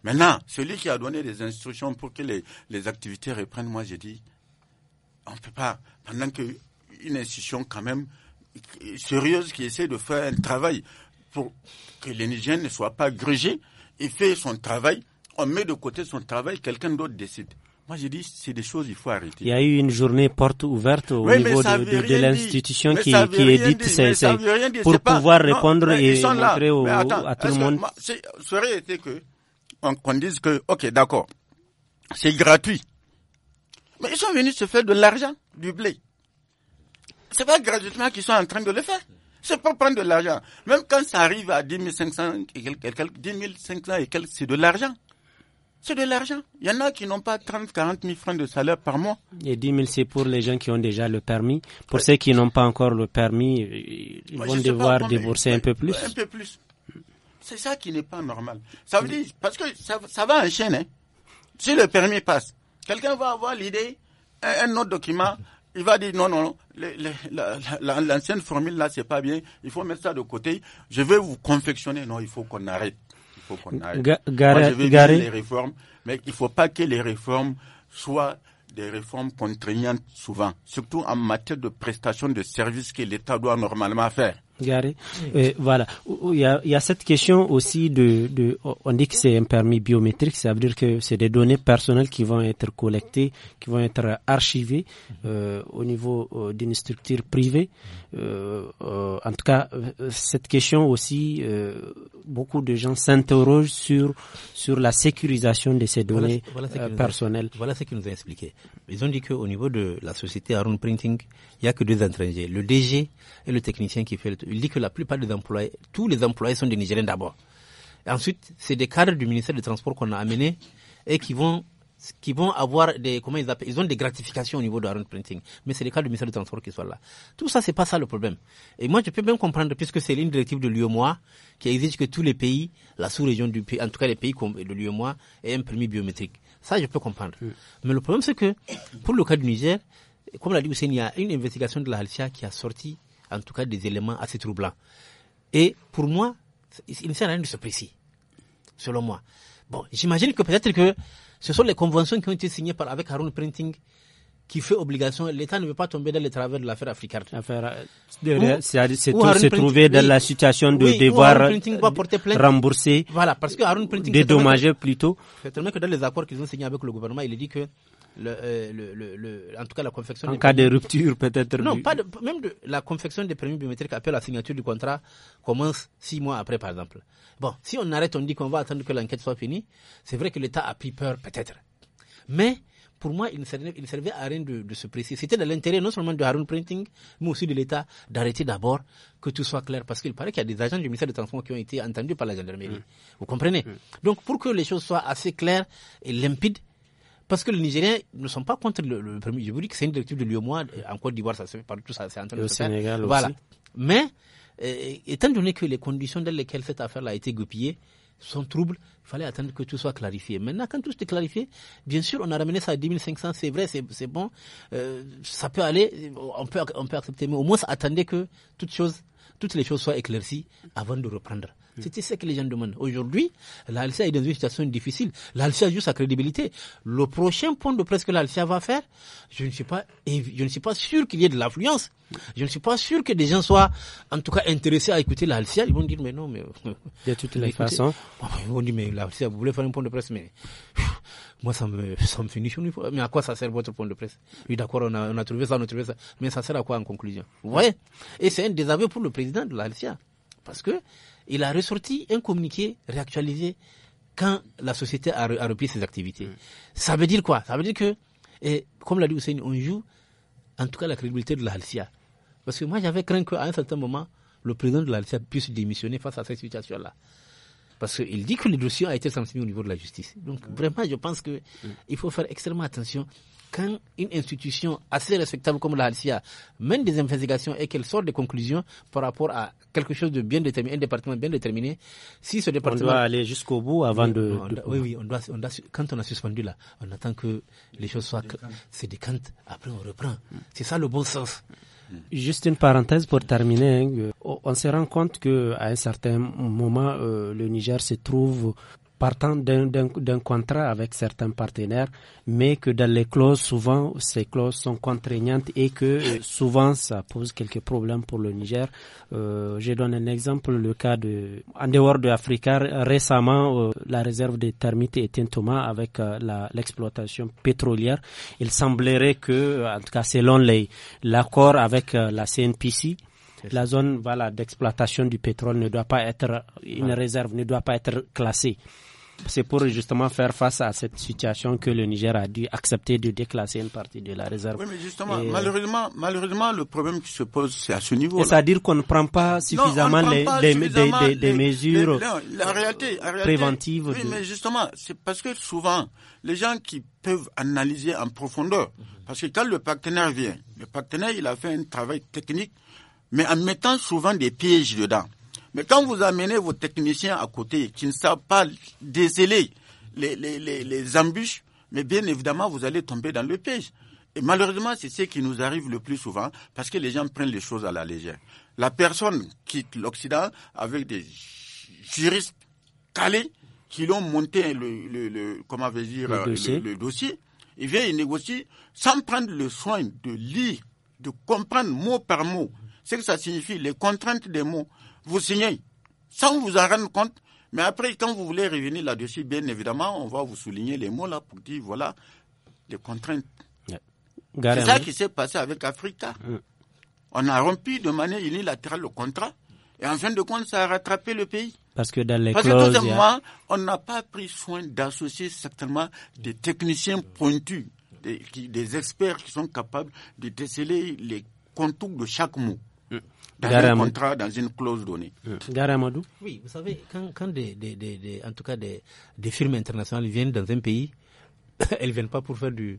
Maintenant, celui qui a donné des instructions pour que les, activités reprennent, moi, j'ai dit, on ne peut pas, pendant qu'une institution quand même sérieuse qui essaie de faire un travail pour que les ne soit pas grugé, il fait son travail, on met de côté son travail, quelqu'un d'autre décide. Moi, je dis, c'est des choses il faut arrêter. Il y a eu une journée porte ouverte au niveau de, l'institution qui, édite ces pour pouvoir répondre et montrer au, à tout le monde. Ce serait été que, dise que, ok, d'accord, c'est gratuit. Mais ils sont venus se faire de l'argent, du blé. C'est pas gratuitement qu'ils sont en train de le faire. C'est pour prendre de l'argent. Même quand ça arrive à 10 500 et 10 et quelques, c'est de l'argent c'est de l'argent. Il y en a qui n'ont pas 30, 40 000 francs de salaire par mois. Et 10 000, c'est pour les gens qui ont déjà le permis. Pour ceux qui n'ont pas encore le permis, euh, ils vont devoir débourser un peu plus. Un peu plus. C'est ça qui n'est pas normal. Ça veut dire, parce que ça, va enchaîner. Hein. Si le permis passe, quelqu'un va avoir l'idée, un, autre document, il va dire non, non, non l'ancienne formule là, c'est pas bien, il faut mettre ça de côté, je vais vous confectionner. Non, il faut qu'on arrête je veux les réformes, mais il ne faut pas que les réformes soient des réformes contraignantes souvent, surtout en matière de prestation de services que l'État doit normalement faire garé. Euh, voilà. Il y, a, cette question aussi de, on dit que c'est un permis biométrique, ça veut dire que c'est des données personnelles qui vont être collectées, qui vont être archivées euh, au niveau euh, d'une structure privée. en tout cas, cette question aussi, beaucoup de gens s'interrogent sur sur la sécurisation de ces données personnelles. voilà ce qu'ils nous ont expliqué. Ils ont dit qu'au niveau de la société Aaron Printing, il n'y a que deux étrangers, le DG et le technicien qui fait le il dit que la plupart des employés, tous les employés sont des Nigériens d'abord. Ensuite, c'est des cadres du ministère des Transports qu'on a amenés et qui vont avoir des comment ils appellent ils ont des gratifications au niveau de Aaron Printing mais c'est les cadres du ministère des Transports qui sont là tout ça c'est pas ça le problème et moi je peux même comprendre puisque c'est une directive de l'UEMOA qui exige que tous les pays la sous-région du pays en tout cas les pays de l'UEMOA aient un permis biométrique ça je peux comprendre mais le problème c'est que pour le cas du Niger comme l'a dit Hussein il y a une investigation de la Halcia qui a sorti en tout cas des éléments assez troublants. Et pour moi, il ne sert à rien de se préciser, selon moi. Bon, j'imagine que peut-être que ce sont les conventions qui ont été signées par, avec Harun Printing qui fait obligation. L'État ne veut pas tomber dans les travers de l'affaire africaine. C'est trouver dans la situation de devoir rembourser, voilà, parce que Aaron Printing dédommager plutôt. C'est tellement que dans les accords qu'ils ont signés avec le gouvernement, il est dit que euh, le, en tout cas la confection. En des cas de rupture peut-être. Non, pas même de, la confection des permis biométriques après la signature du contrat commence six mois après par exemple. Bon, si on arrête, on dit qu'on va attendre que l'enquête soit finie. C'est vrai que l'État a pris peur peut-être, mais pour moi, il ne servait, il servait à rien de, se préciser. C'était dans l'intérêt non seulement de Harun Printing, mais aussi de l'État d'arrêter d'abord que tout soit clair. Parce qu'il paraît qu'il y a des agents du ministère des Transports qui ont été entendus par la gendarmerie. Mmh. Vous comprenez mmh. Donc, pour que les choses soient assez claires et limpides, parce que les Nigériens ne sont pas contre le, premier. Je vous dis que c'est une directive de moi En Côte d'Ivoire, ça se fait partout, ça c'est en train Sénégal Voilà. Mais, euh, étant donné que les conditions dans lesquelles cette affaire a été goupillée sont troubles, il fallait attendre que tout soit clarifié. Maintenant, quand tout est clarifié, bien sûr, on a ramené ça à 2500, c'est vrai, c'est bon, euh, ça peut aller, on peut, accepter, mais au moins, attendez que toutes choses toutes les choses soient éclaircies avant de reprendre. C'était ce que les gens demandent. Aujourd'hui, l'ALCIA est dans une situation difficile. L'ALCIA joue sa crédibilité. Le prochain point de presse que l'ALCIA va faire, je ne suis pas, je ne suis pas sûr qu'il y ait de l'affluence. Je ne suis pas sûr que des gens soient, en tout cas, intéressés à écouter l'ALCIA. Ils vont dire, mais non, mais. De toutes les façons. Ils vont dire, mais l'ALCIA, vous voulez faire un point de presse, mais. Moi, ça me, ça me finit Mais à quoi ça sert votre point de presse Oui, d'accord, on a, on a trouvé ça, on a trouvé ça. Mais ça sert à quoi en conclusion Vous voyez Et c'est un désaveu pour le président de l'Alcia. Parce que il a ressorti un communiqué réactualisé quand la société a, repris ses activités. Mm. Ça veut dire quoi Ça veut dire que, et comme l'a dit Hussein, on joue en tout cas la crédibilité de la Halcia. Parce que moi, j'avais craint qu'à un certain moment, le président de la Halcia puisse démissionner face à cette situation-là. Parce qu'il dit que le dossier a été transmis au niveau de la justice. Donc vraiment, je pense qu'il il faut faire extrêmement attention quand une institution assez respectable comme la Halcia mène des investigations et qu'elle sort des conclusions par rapport à quelque chose de bien déterminé, un département bien déterminé, si ce département... On doit aller jusqu'au bout avant de, Oui, oui, quand on a suspendu là, on attend que les choses soient... C'est des cantes, après on reprend. Mm. C'est ça le bon sens. Mm. Juste une parenthèse pour terminer. Hein. Euh, on se rend compte que à un certain moment, euh, le Niger se trouve partant d'un contrat avec certains partenaires, mais que dans les clauses, souvent, ces clauses sont contraignantes et que euh, souvent, ça pose quelques problèmes pour le Niger. Euh, je donne un exemple, le cas de, en dehors de l'Afrique, récemment, euh, la réserve des termites était Thomas avec l'exploitation pétrolière. Il semblerait que, en tout cas, selon l'accord avec la CNPC, la zone voilà, d'exploitation du pétrole ne doit pas être une réserve, ne doit pas être classée. C'est pour justement faire face à cette situation que le Niger a dû accepter de déclasser une partie de la réserve. Oui, mais justement, euh, malheureusement, malheureusement, le problème qui se pose, c'est à ce niveau cest C'est-à-dire qu'on ne prend pas suffisamment, des, mesures préventives. Oui, mais justement, c'est parce que souvent, les gens qui peuvent analyser en profondeur, parce que quand le partenaire vient, le partenaire, il a fait un travail technique, mais en mettant souvent des pièges dedans. Mais quand vous amenez vos techniciens à côté qui ne savent pas déceler les, les, les, embûches, mais bien évidemment, vous allez tomber dans le piège. Et malheureusement, c'est ce qui nous arrive le plus souvent parce que les gens prennent les choses à la légère. La personne quitte l'Occident avec des juristes calés qui l'ont monté le, le, le comment dire euh, le dossier. Il vient il négocie sans prendre le soin de lire, de comprendre mot par mot ce que ça signifie, les contraintes des mots, vous signez, sans vous en rendre compte. Mais après, quand vous voulez revenir là-dessus, bien évidemment, on va vous souligner les mots là pour dire, voilà, les contraintes. C'est ça qui s'est passé avec Africa. Mm. On a rompu de manière unilatérale le contrat. Et en fin de compte, ça a rattrapé le pays. Parce que dans les Parce clauses, que tout on n'a pas pris soin d'associer certainement des techniciens pointus, des experts qui sont capables de déceler les contours de chaque mot dans un contrat, dans une clause donnée. Garamadou euh. Oui, vous savez, quand, quand des, des, des, en tout cas des, des firmes internationales viennent dans un pays, [coughs] elles viennent pas pour faire du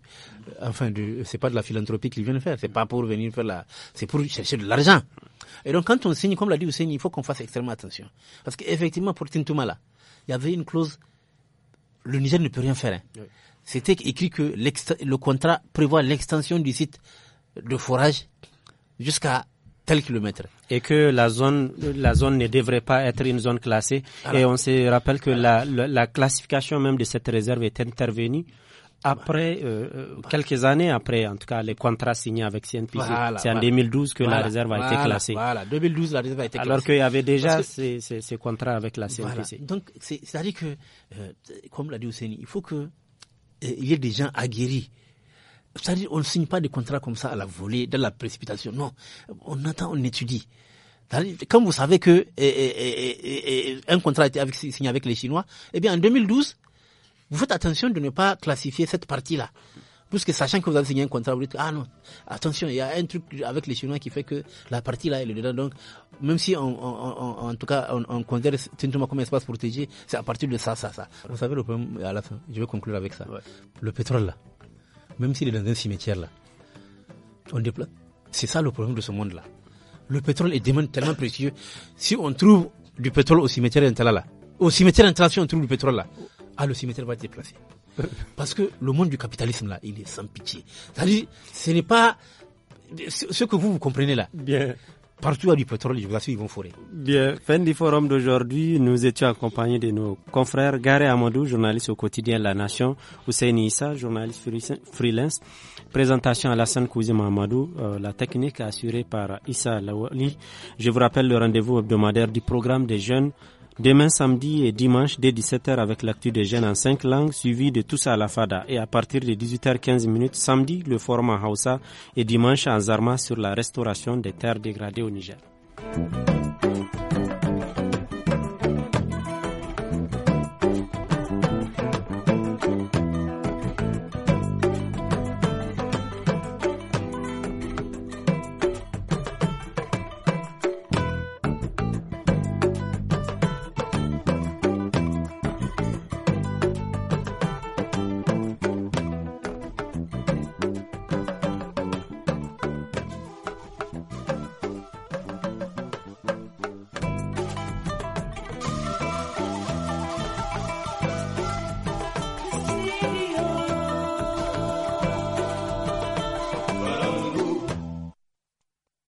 enfin du c'est pas de la philanthropie qu'ils viennent faire c'est pas pour venir faire la c'est pour chercher de l'argent et donc quand on signe comme l'a dit Hussein il faut qu'on fasse extrêmement attention parce qu'effectivement pour Tintoumala il y avait une clause le Niger ne peut rien faire hein. c'était écrit que le contrat prévoit l'extension du site de forage jusqu'à tel kilomètre. Et que la zone, la zone ne devrait pas être une zone classée. et on se rappelle que la, classification même de cette réserve est intervenue après euh, euh, quelques années après en tout cas les contrats signés avec CNPC c'est en 2012 que la réserve a été classée voilà 2012 la réserve a été classée alors qu'il y avait déjà ces, contrats avec la CNPC donc c'est à dire que euh, comme l'a dit Ousseini, il faut que il y ait des gens aguerris c'est-à-dire on ne signe pas des contrats comme ça à la volée, dans la précipitation. Non, on attend, on étudie. Comme vous savez que eh, eh, eh, un contrat a été signé avec les Chinois, eh bien en 2012, vous faites attention de ne pas classifier cette partie-là. Puisque sachant que vous avez signé un contrat, vous dites, ah non, attention, il y a un truc avec les Chinois qui fait que la partie là, elle est dedans. Donc, même si, on, en tout cas, on, on considère comme un espace protégé, c'est à partir de ça, ça, ça. Vous savez le problème, à la fin, je vais conclure avec ça. Le pétrole là même s'il est dans un cimetière là. On déplace. C'est ça le problème de ce monde-là. Le pétrole est tellement précieux. Si on trouve du pétrole au cimetière là, au cimetière si on trouve du pétrole là, ah, le cimetière va être déplacé. [laughs] Parce que le monde du capitalisme là, il est sans pitié. C'est-à-dire, ce n'est pas ce que vous, vous comprenez là. Bien. Partout à du pétrole, je vous ils vont forer. Bien, fin du forum d'aujourd'hui, nous étions accompagnés de nos confrères Garé Amadou, journaliste au quotidien La Nation, Hussein Issa, journaliste freelance, présentation à la sainte Mamadou, euh, la technique assurée par Issa Lawali. Je vous rappelle le rendez-vous hebdomadaire du programme des jeunes Demain samedi et dimanche dès 17h avec l'actu des jeunes en 5 langues suivi de tous à la FADA et à partir de 18h15 samedi le forum en Hausa et dimanche en Zarma sur la restauration des terres dégradées au Niger.